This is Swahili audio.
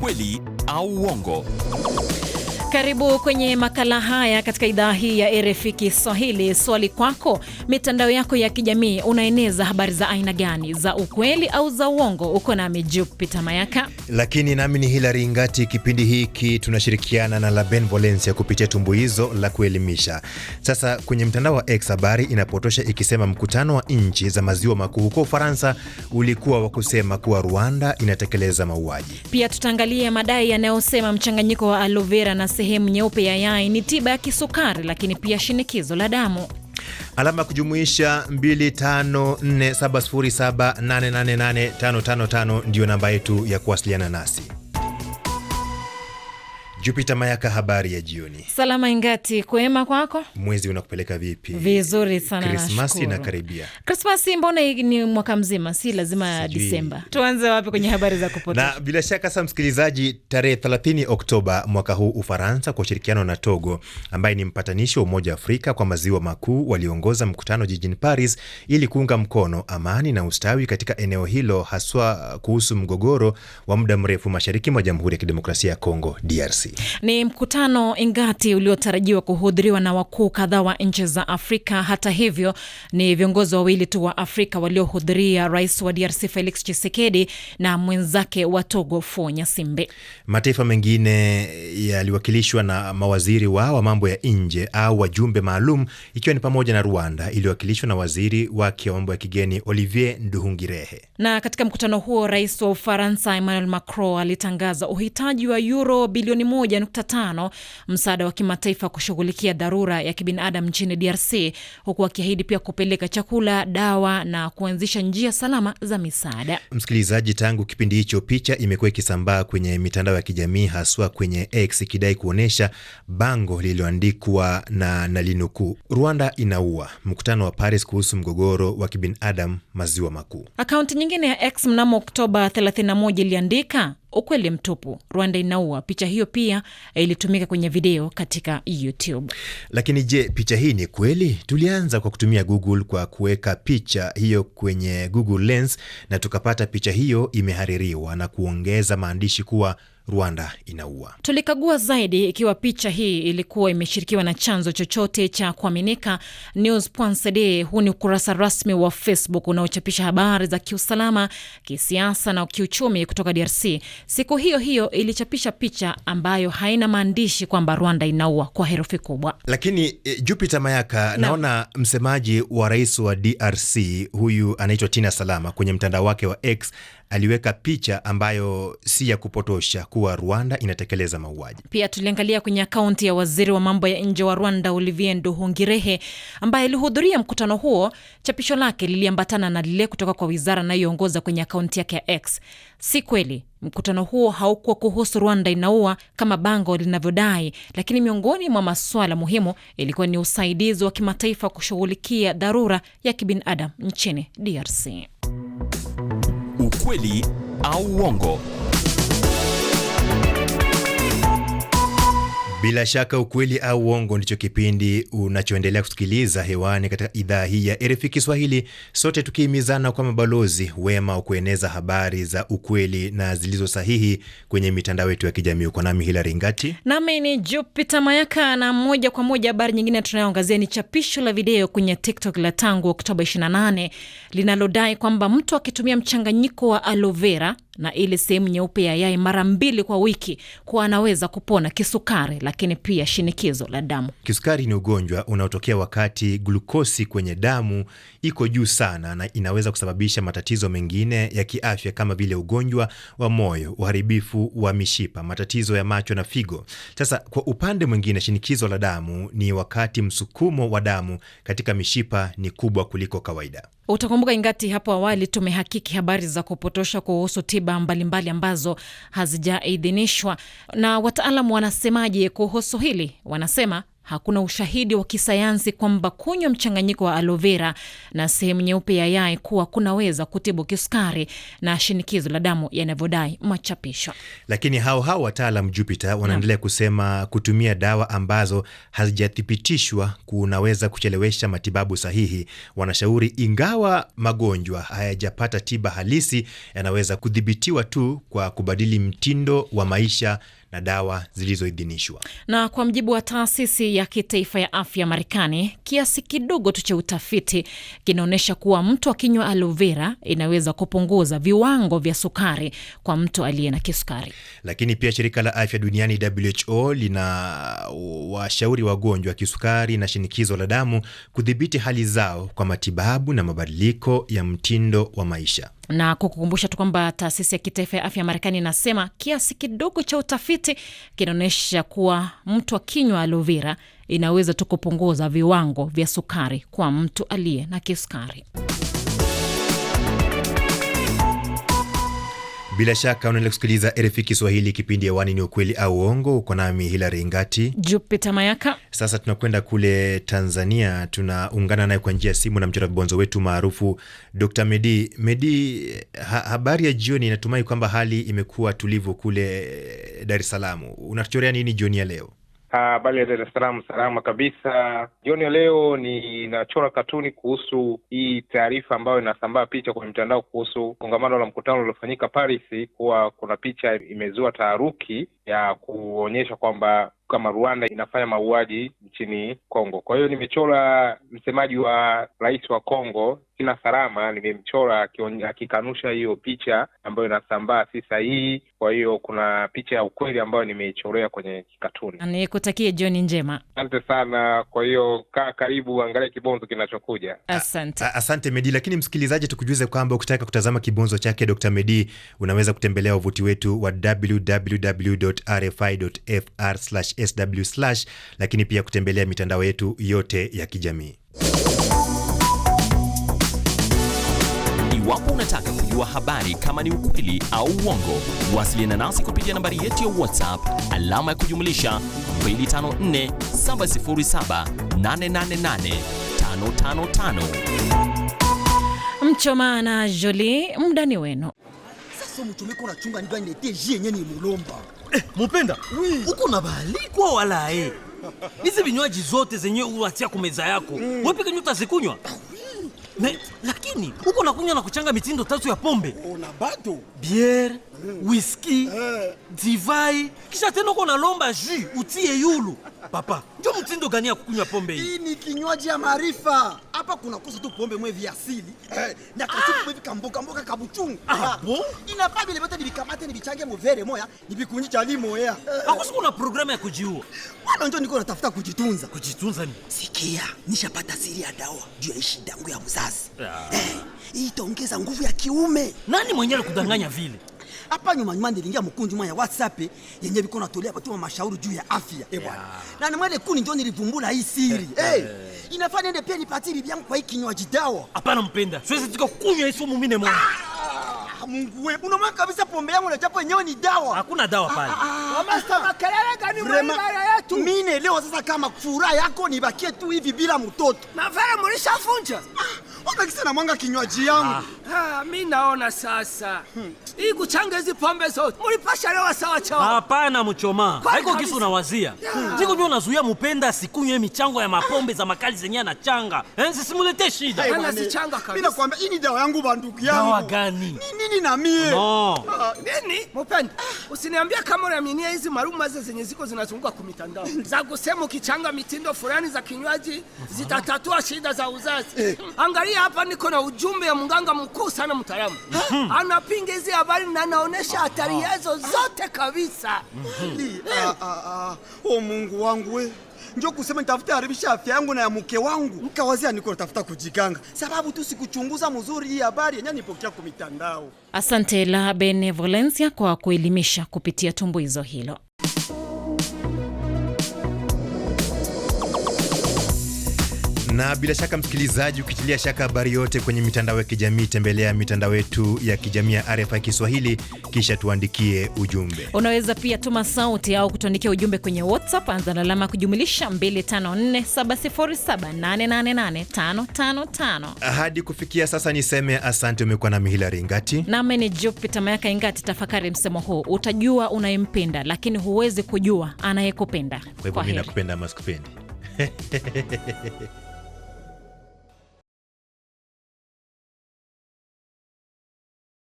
kweli au uongo. Karibu kwenye makala haya katika idhaa hii ya RFI Kiswahili. Swali kwako, mitandao yako ya kijamii unaeneza habari za aina gani, za ukweli au za uongo? Uko nami Jup Mayaka, lakini nami ni Hilari Ngati. Kipindi hiki tunashirikiana na Laben Volencia kupitia tumbuizo la kuelimisha. Sasa kwenye mtandao wa X habari inapotosha ikisema mkutano wa nchi za maziwa makuu huko Ufaransa ulikuwa wa kusema kuwa Rwanda inatekeleza mauaji. Pia tutaangalia madai yanayosema mchanganyiko wa aloe vera na sehemu nyeupe ya yai ni tiba ya kisukari, lakini pia shinikizo la damu. Alama ya kujumuisha 254707888555 ndiyo namba yetu ya kuwasiliana nasi. Jupita Mayaka, habari ya jioni. Salama ingati, kwema kwako? Mwezi unakupeleka vipi? Vizuri sana Krismasi inakaribia. Krismasi mbona ni mwaka mzima, si lazima Disemba. Tuanze wapi kwenye habari za kupotea? Na bila shaka sasa, msikilizaji, tarehe 30 Oktoba mwaka huu Ufaransa kwa ushirikiano na Togo ambaye ni mpatanishi wa Umoja wa Afrika kwa maziwa makuu waliongoza mkutano jijini Paris ili kuunga mkono amani na ustawi katika eneo hilo haswa kuhusu mgogoro wa muda mrefu mashariki mwa Jamhuri ya Kidemokrasia ya Kongo DRC. Ni mkutano ingati uliotarajiwa kuhudhuriwa na wakuu kadhaa wa nchi za Afrika. Hata hivyo, ni viongozi wawili tu wa Afrika waliohudhuria, rais wa DRC Felix Tshisekedi na mwenzake wa Togo Faure Nyasimbe. Mataifa mengine yaliwakilishwa na mawaziri wao wa mambo ya nje au wajumbe maalum, ikiwa ni pamoja na Rwanda iliyowakilishwa na waziri wake wa mambo ya kigeni Olivier Nduhungirehe. Na katika mkutano huo, rais wa Ufaransa Emmanuel Macron alitangaza uhitaji wa euro bilioni moja 1.5 msaada wa kimataifa kushughulikia dharura ya kibinadamu nchini DRC, huku akiahidi pia kupeleka chakula, dawa na kuanzisha njia salama za misaada. Msikilizaji, tangu kipindi hicho picha imekuwa ikisambaa kwenye mitandao ya kijamii haswa kwenye X ikidai kuonyesha bango lililoandikwa na nalinukuu, Rwanda inaua, mkutano wa Paris kuhusu mgogoro wa kibinadamu maziwa makuu. Akaunti nyingine ya X mnamo Oktoba 31 iliandika ukweli mtupu, Rwanda inaua. Picha hiyo pia eh, ilitumika kwenye video katika YouTube. Lakini je, picha hii ni kweli? Tulianza kwa kutumia Google kwa kuweka picha hiyo kwenye Google Lens na tukapata picha hiyo imehaririwa na kuongeza maandishi kuwa Rwanda inaua. Tulikagua zaidi ikiwa picha hii ilikuwa imeshirikiwa na chanzo chochote cha kuaminika. News.cd, huu ni ukurasa rasmi wa Facebook unaochapisha habari za kiusalama, kisiasa na kiuchumi kutoka DRC. Siku hiyo hiyo ilichapisha picha ambayo haina maandishi kwamba Rwanda inaua kwa herufi kubwa. Lakini jupite Jupiter Mayaka, naona msemaji wa rais wa DRC huyu anaitwa Tina Salama kwenye mtandao wake wa X aliweka picha ambayo si ya kupotosha kuwa Rwanda inatekeleza mauaji. Pia tuliangalia kwenye akaunti ya waziri wa mambo ya nje wa Rwanda Olivier Nduhungirehe ambaye alihudhuria mkutano huo. Chapisho lake liliambatana na lile kutoka kwa wizara anayoongoza kwenye akaunti yake ya X. Si kweli mkutano huo haukuwa kuhusu Rwanda inaua kama bango linavyodai, lakini miongoni mwa masuala muhimu ilikuwa ni usaidizi wa kimataifa kushughulikia dharura ya kibinadamu nchini DRC ukweli au uongo. Bila shaka ukweli au uongo ndicho kipindi unachoendelea kusikiliza hewani katika idhaa hii ya RFI Kiswahili, sote tukihimizana kwa mabalozi wema wa kueneza habari za ukweli na zilizo sahihi kwenye mitandao yetu ya kijamii. Uko nami Hilari Ngati, nami ni Jupita Mayaka, na moja kwa moja habari nyingine tunayoangazia ni chapisho la video kwenye TikTok la tangu Oktoba 28 linalodai kwamba mtu akitumia mchanganyiko wa aloe vera na ile sehemu nyeupe ya yai mara mbili kwa wiki kuwa anaweza kupona kisukari, lakini pia shinikizo la damu. Kisukari ni ugonjwa unaotokea wakati glukosi kwenye damu iko juu sana, na inaweza kusababisha matatizo mengine ya kiafya kama vile ugonjwa wa moyo, uharibifu wa mishipa, matatizo ya macho na figo. Sasa kwa upande mwingine, shinikizo la damu ni wakati msukumo wa damu katika mishipa ni kubwa kuliko kawaida. Utakumbuka ingati hapo awali tumehakiki habari za kupotosha kuhusu tiba mbalimbali mbali ambazo hazijaidhinishwa. Na wataalamu wanasemaje kuhusu hili? Wanasema hakuna ushahidi wa kisayansi kwamba kunywa mchanganyiko wa alovera na sehemu nyeupe ya yai kuwa kunaweza kutibu kisukari na shinikizo la damu yanavyodai machapisho. Lakini hao hao wataalam Jupiter wanaendelea kusema kutumia dawa ambazo hazijathibitishwa kunaweza kuchelewesha matibabu sahihi. Wanashauri ingawa magonjwa hayajapata tiba halisi, yanaweza kudhibitiwa tu kwa kubadili mtindo wa maisha na dawa zilizoidhinishwa. Na kwa mjibu wa taasisi ya kitaifa ya afya Marekani, kiasi kidogo tu cha utafiti kinaonyesha kuwa mtu akinywa aloe vera inaweza kupunguza viwango vya sukari kwa mtu aliye na kisukari. Lakini pia shirika la afya duniani WHO lina washauri wagonjwa kisukari na shinikizo la damu kudhibiti hali zao kwa matibabu na mabadiliko ya mtindo wa maisha na kukukumbusha tu kwamba taasisi ya kitaifa ya afya ya Marekani inasema kiasi kidogo cha utafiti kinaonyesha kuwa mtu akinywa kinywa inaweza tu kupunguza viwango vya sukari kwa mtu aliye na kisukari. Bila shaka unaendelea kusikiliza RFI Kiswahili, kipindi hewani ni ukweli au uongo. Uko nami Hilary Ngati, Jupita Mayaka. Sasa tunakwenda kule Tanzania, tunaungana naye kwa njia ya simu na mchora vibonzo wetu maarufu Dr Medi. Medi, ha habari ya jioni. Natumai kwamba hali imekuwa tulivu kule Dar es Salaam. nini jioni ya leo? Ah, habari ya Dar es Salaam, salama kabisa. Jioni ya leo ninachora katuni kuhusu hii taarifa ambayo inasambaa picha kwenye mtandao kuhusu kongamano la mkutano uliofanyika Paris, kuwa kuna picha imezua taharuki ya kuonyesha kwamba kama Rwanda inafanya mauaji nchini Kongo. Kwa hiyo nimechora msemaji wa rais wa congo sina Salama, nimemchora akikanusha hiyo picha ambayo inasambaa si sahihi. Kwa hiyo kuna picha ya ukweli ambayo nimeichorea kwenye kikatuni. Nikutakie jioni njema, asante sana. Kwa hiyo kaa karibu, angalia kibonzo kinachokuja. Asante, asante Medi. Lakini msikilizaji, tukujuze kwamba ukitaka kutazama kibonzo chake Dr Medi unaweza kutembelea wavuti wetu wa www rfi.fr/sw, lakini pia kutembelea mitandao yetu yote ya kijamii. Iwapo unataka kujua habari kama ni ukweli au uongo, wasiliana nasi kupitia nambari yetu ya WhatsApp alama ya kujumlisha 254 707 888 555. Mchoma na Jolie, muda ni wenu. Mupenda oui. Uko na balikwa wala eh? Hizi vinywaji zote zenye uwatia kumeza yako mm. Wewe utazikunywa na, lakini uko nakunywa na kuchanga mitindo tatu ya pombe. Una bado biere, mm. whisky, eh. divai, kisha tena uko nalomba jus utie yulu. Papa, ndio mtindo gani ya kukunywa pombe hii? Hii ni kinywaji ya maarifa. Hapa kuna kosa tu pombe mwe vya asili. Eh, na kasuku mwe vikamboka mboka kabuchungu. Ah, ah bo Ina pabi ni bote nibikamate nibichange muvere moya, nibikunji cha moya ya. Eh. Hakusi kuna programu ya kujiua. Bwana njoo niko natafuta kujitunza. Kujitunza ni? Sikia, nishapata siri ya dawa juu ya ishi dangu ya mzazi kazi yeah. Hey, itaongeza nguvu ya kiume. Nani mwenye kudanganya vile? Hapa nyuma nyuma niliingia mkundi mwa ya WhatsApp yenye biko natolea watu wa mashauri juu ya afya. Eh bwana. Na ni mwele kuni ndio nilivumbula hii siri. Eh. Hey. Eh, hey. Inafanya ende pia nipatie bibi yangu kwa hii kinywaji dawa. Hapana mpenda. Siwezi tuko kunywa hizo mimi ne mwana. Ah, Mungu wewe, una maana kabisa pombe yangu na chapo yenyewe ni dawa. Hakuna dawa pale. Ah, ah, ah. Master makelele gani mbaya yetu? Mimi leo sasa kama furaha yako nibakie tu hivi bila mtoto. Na vile mlishafunja. Ah, wakakisa na mwanga kinywaji yangu. Ah, Ah, mi naona sasa hmm. hii kuchanga hizi pombe zote mulipasha lewa sawa chao. Hapana mchoma, haiko kisu na nawazia jiko nyo unazuia mupenda sikunywe michango ya mapombe za makali zenye anachanga eh, simulete shida. hey, Ana sichanga kabisa. Mimi nakwambia hii ni dawa yangu banduku yangu. Dawa gani? Ni Nini na mie? No. Uh, nini? Mupenda, usiniambia kama unaminia hizi maruma zenye ziko zinazunguka kumitandao hmm. za kusema ukichanga mitindo fulani za kinywaji zitatatua shida za uzazi. Eh. Angalia hapa niko na ujumbe ya mganga mkuu sana mtaalamu. Hmm. Anapinga hizi habari na anaonesha hatari yazo ah. zote kabisa. Li, hmm. ah, eh. ah, o Mungu wangu we. Njoo kusema nitafuta haribisha afya yangu na ya mke wangu. Mkawazia niko natafuta kujiganga sababu tu sikuchunguza mzuri hii habari yenyewe nipokea kwa mitandao. Asante la Benevolencia kwa kuelimisha kupitia tumbuizo hilo. Na bila shaka msikilizaji, ukitilia shaka habari yote kwenye mitandao ya kijamii, tembelea mitandao yetu ya kijamii ya RFI Kiswahili, kisha tuandikie ujumbe. Unaweza pia tuma sauti au kutuandikia ujumbe kwenye WhatsApp, anza na alama kujumlisha 254707888555. Hadi kufikia sasa niseme asante. Umekuwa nami Hilari Ngati nami ni Jupita Mayaka Ingati. Tafakari msemo huu, utajua unayempenda, lakini huwezi kujua anayekupenda. Kwa hivyo mi nakupenda ama sikupendi?